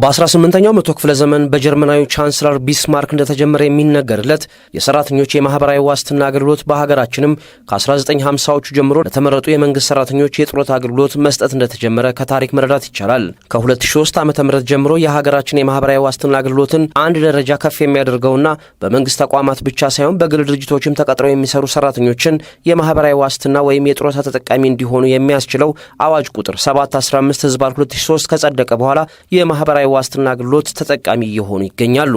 በ18ኛው መቶ ክፍለ ዘመን በጀርመናዊ ቻንስለር ቢስማርክ እንደተጀመረ የሚነገርለት የሰራተኞች የማኅበራዊ ዋስትና አገልግሎት በሀገራችንም ከ1950ዎቹ ጀምሮ ለተመረጡ የመንግሥት ሠራተኞች የጡረታ አገልግሎት መስጠት እንደተጀመረ ከታሪክ መረዳት ይቻላል። ከ2003 ዓ ም ጀምሮ የሀገራችን የማኅበራዊ ዋስትና አገልግሎትን አንድ ደረጃ ከፍ የሚያደርገውና በመንግሥት ተቋማት ብቻ ሳይሆን በግል ድርጅቶችም ተቀጥረው የሚሰሩ ሠራተኞችን የማኅበራዊ ዋስትና ወይም የጡረታ ተጠቃሚ እንዲሆኑ የሚያስችለው አዋጅ ቁጥር 715 ህዝባር 2003 ከጸደቀ በኋላ የማኅበራዊ የማህበራዊ ዋስትና አገልግሎት ተጠቃሚ እየሆኑ ይገኛሉ።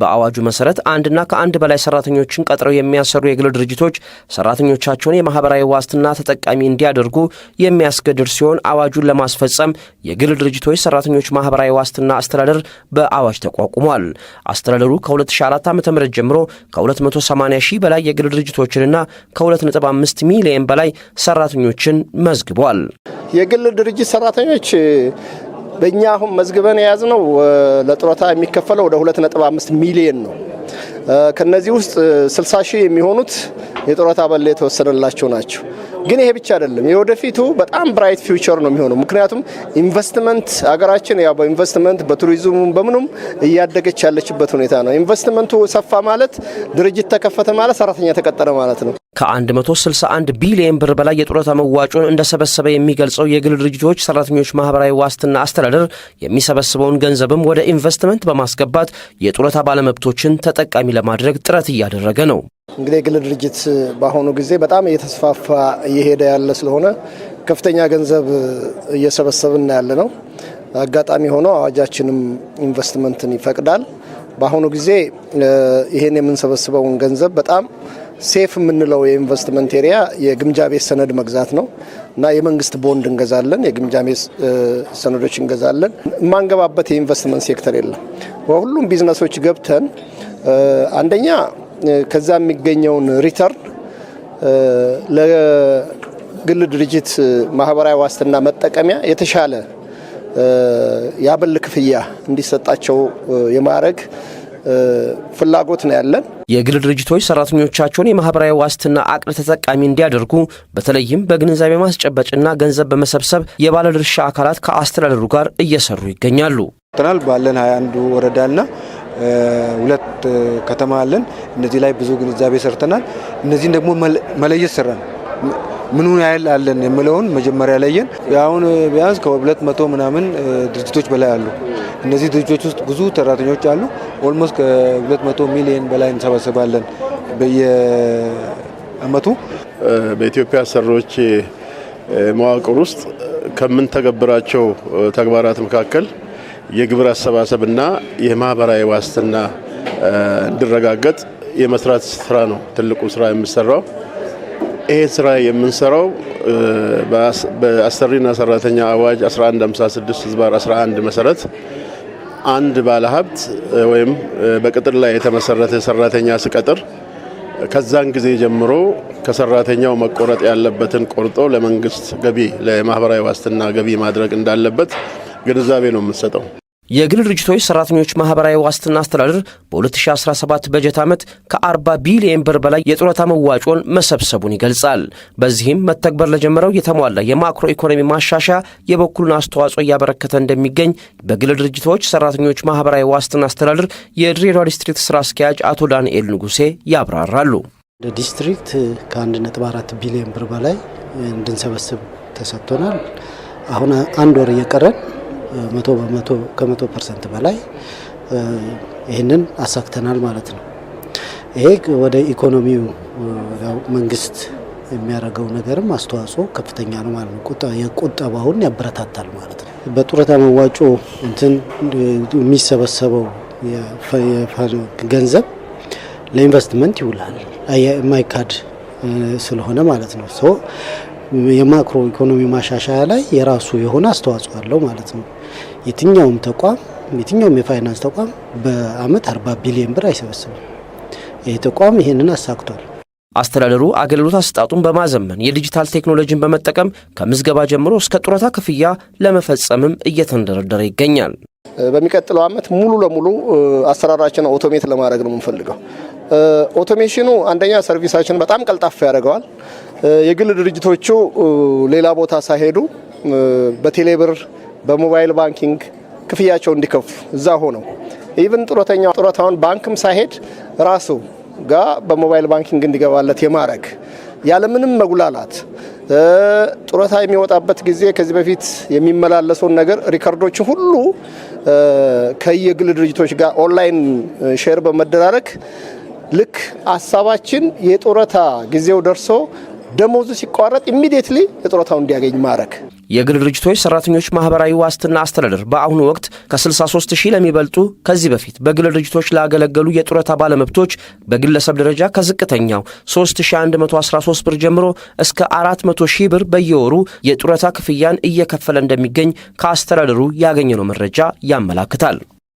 በአዋጁ መሰረት አንድና ከአንድ በላይ ሰራተኞችን ቀጥረው የሚያሰሩ የግል ድርጅቶች ሰራተኞቻቸውን የማህበራዊ ዋስትና ተጠቃሚ እንዲያደርጉ የሚያስገድድ ሲሆን አዋጁን ለማስፈጸም የግል ድርጅቶች ሰራተኞች ማህበራዊ ዋስትና አስተዳደር በአዋጅ ተቋቁሟል። አስተዳደሩ ከ2004 ዓ ም ጀምሮ ከ280 ሺህ በላይ የግል ድርጅቶችንና ከ2.5 ሚሊየን በላይ ሰራተኞችን መዝግቧል። የግል ድርጅት ሰራተኞች በእኛ አሁን መዝግበን የያዝነው ለጡረታ የሚከፈለው ወደ 2.5 ሚሊዮን ነው። ከነዚህ ውስጥ 60 ሺህ የሚሆኑት የጡረታ በል የተወሰነላቸው ናቸው። ግን ይሄ ብቻ አይደለም። የወደፊቱ በጣም ብራይት ፊውቸር ነው የሚሆነው። ምክንያቱም ኢንቨስትመንት አገራችን ያው በኢንቨስትመንት በቱሪዝሙ በምኑም እያደገች ያለችበት ሁኔታ ነው። ኢንቨስትመንቱ ሰፋ ማለት ድርጅት ተከፈተ ማለት ሰራተኛ ተቀጠረ ማለት ነው። ከ161 ቢሊዮን ብር በላይ የጡረታ መዋጮን እንደሰበሰበ የሚገልጸው የግል ድርጅቶች ሰራተኞች ማህበራዊ ዋስትና አስተዳደር የሚሰበስበውን ገንዘብም ወደ ኢንቨስትመንት በማስገባት የጡረታ ባለመብቶችን ተጠቃሚ ለማድረግ ጥረት እያደረገ ነው። እንግዲህ የግል ድርጅት በአሁኑ ጊዜ በጣም እየተስፋፋ እየሄደ ያለ ስለሆነ ከፍተኛ ገንዘብ እየሰበሰብን ያለ ነው። አጋጣሚ ሆኖ አዋጃችንም ኢንቨስትመንትን ይፈቅዳል። በአሁኑ ጊዜ ይህን የምንሰበስበውን ገንዘብ በጣም ሴፍ የምንለው የኢንቨስትመንት ኤሪያ የግምጃ ቤት ሰነድ መግዛት ነው እና የመንግስት ቦንድ እንገዛለን፣ የግምጃ ቤት ሰነዶች እንገዛለን። የማንገባበት የኢንቨስትመንት ሴክተር የለም። በሁሉም ቢዝነሶች ገብተን አንደኛ ከዛ የሚገኘውን ሪተርን ለግል ድርጅት ማህበራዊ ዋስትና መጠቀሚያ የተሻለ የአበል ክፍያ እንዲሰጣቸው የማድረግ ፍላጎት ነው ያለን። የግል ድርጅቶች ሰራተኞቻቸውን የማህበራዊ ዋስትና አቅድ ተጠቃሚ እንዲያደርጉ በተለይም በግንዛቤ ማስጨበጭና ገንዘብ በመሰብሰብ የባለድርሻ አካላት ከአስተዳደሩ ጋር እየሰሩ ይገኛሉ። ባለን 21 ወረዳና ሁለት ከተማ አለን። እነዚህ ላይ ብዙ ግንዛቤ ሰርተናል። እነዚህን ደግሞ መለየት ሰራን። ምኑን ያህል አለን የምለውን መጀመሪያ ለየን። አሁን ቢያንስ ከሁለት መቶ ምናምን ድርጅቶች በላይ አሉ። እነዚህ ድርጅቶች ውስጥ ብዙ ሰራተኞች አሉ። ኦልሞስት ከሁለት መቶ ሚሊዮን በላይ እንሰበስባለን በየአመቱ። በኢትዮጵያ ሰሮች መዋቅር ውስጥ ከምንተገብራቸው ተግባራት መካከል የግብር አሰባሰብና የማህበራዊ ዋስትና እንዲረጋገጥ የመስራት ስራ ነው ትልቁ ስራ የሚሰራው። ይሄ ስራ የምንሰራው በአሰሪና ሰራተኛ አዋጅ 1156 ህዝባር 11 መሰረት አንድ ባለሀብት ወይም በቅጥር ላይ የተመሰረተ ሰራተኛ ሲቀጥር ከዛን ጊዜ ጀምሮ ከሰራተኛው መቆረጥ ያለበትን ቆርጦ ለመንግስት ገቢ ለማህበራዊ ዋስትና ገቢ ማድረግ እንዳለበት ግንዛቤ ነው የምንሰጠው። የግል ድርጅቶች ሰራተኞች ማህበራዊ ዋስትና አስተዳደር በ2017 በጀት ዓመት ከ40 ቢሊየን ብር በላይ የጡረታ መዋጮን መሰብሰቡን ይገልጻል። በዚህም መተግበር ለጀመረው የተሟላ የማክሮ ኢኮኖሚ ማሻሻያ የበኩሉን አስተዋጽኦ እያበረከተ እንደሚገኝ በግል ድርጅቶች ሰራተኞች ማህበራዊ ዋስትና አስተዳደር የድሬዳዋ ዲስትሪክት ስራ አስኪያጅ አቶ ዳንኤል ንጉሴ ያብራራሉ። እንደ ዲስትሪክት ከ1.4 ቢሊየን ብር በላይ እንድንሰበስብ ተሰጥቶናል። አሁን አንድ ወር እየቀረን መቶ በመቶ ከመቶ ፐርሰንት በላይ ይህንን አሳክተናል ማለት ነው። ይሄ ወደ ኢኮኖሚው ያው መንግስት የሚያደርገው ነገርም አስተዋጽኦ ከፍተኛ ነው ማለት ነው። ቁጠባውን ያበረታታል ማለት ነው። በጡረታ መዋጮ እንትን የሚሰበሰበው ገንዘብ ለኢንቨስትመንት ይውላል የማይካድ ስለሆነ ማለት ነው። የማክሮ ኢኮኖሚ ማሻሻያ ላይ የራሱ የሆነ አስተዋጽኦ አለው ማለት ነው። የትኛውም ተቋም የትኛውም የፋይናንስ ተቋም በአመት 40 ቢሊዮን ብር አይሰበስብም። ይህ ተቋም ይህንን አሳክቷል። አስተዳደሩ አገልግሎት አሰጣጡን በማዘመን የዲጂታል ቴክኖሎጂን በመጠቀም ከምዝገባ ጀምሮ እስከ ጡረታ ክፍያ ለመፈጸምም እየተንደረደረ ይገኛል። በሚቀጥለው አመት ሙሉ ለሙሉ አሰራራችን ኦቶሜት ለማድረግ ነው የምንፈልገው። ኦቶሜሽኑ አንደኛ ሰርቪሳችን በጣም ቀልጣፋ ያደርገዋል። የግል ድርጅቶቹ ሌላ ቦታ ሳይሄዱ በቴሌብር በሞባይል ባንኪንግ ክፍያቸው እንዲከፍሉ እዛ ሆነው ኢቭን ጡረተኛ ጡረታውን ባንክም ሳይሄድ ራሱ ጋ በሞባይል ባንኪንግ እንዲገባለት የማድረግ ያለምንም መጉላላት ጡረታ የሚወጣበት ጊዜ ከዚህ በፊት የሚመላለሰውን ነገር ሪከርዶችን ሁሉ ከየግል ድርጅቶች ጋር ኦንላይን ሼር በመደራረግ ልክ ሀሳባችን የጡረታ ጊዜው ደርሶ ደሞዙ ሲቋረጥ ኢሚዲየትሊ የጡረታው እንዲያገኝ ማድረግ። የግል ድርጅቶች ሰራተኞች ማህበራዊ ዋስትና አስተዳደር በአሁኑ ወቅት ከ63 ሺህ ለሚበልጡ ከዚህ በፊት በግል ድርጅቶች ላገለገሉ የጡረታ ባለመብቶች በግለሰብ ደረጃ ከዝቅተኛው 3113 ብር ጀምሮ እስከ 400 ሺህ ብር በየወሩ የጡረታ ክፍያን እየከፈለ እንደሚገኝ ከአስተዳደሩ ያገኘነው መረጃ ያመላክታል።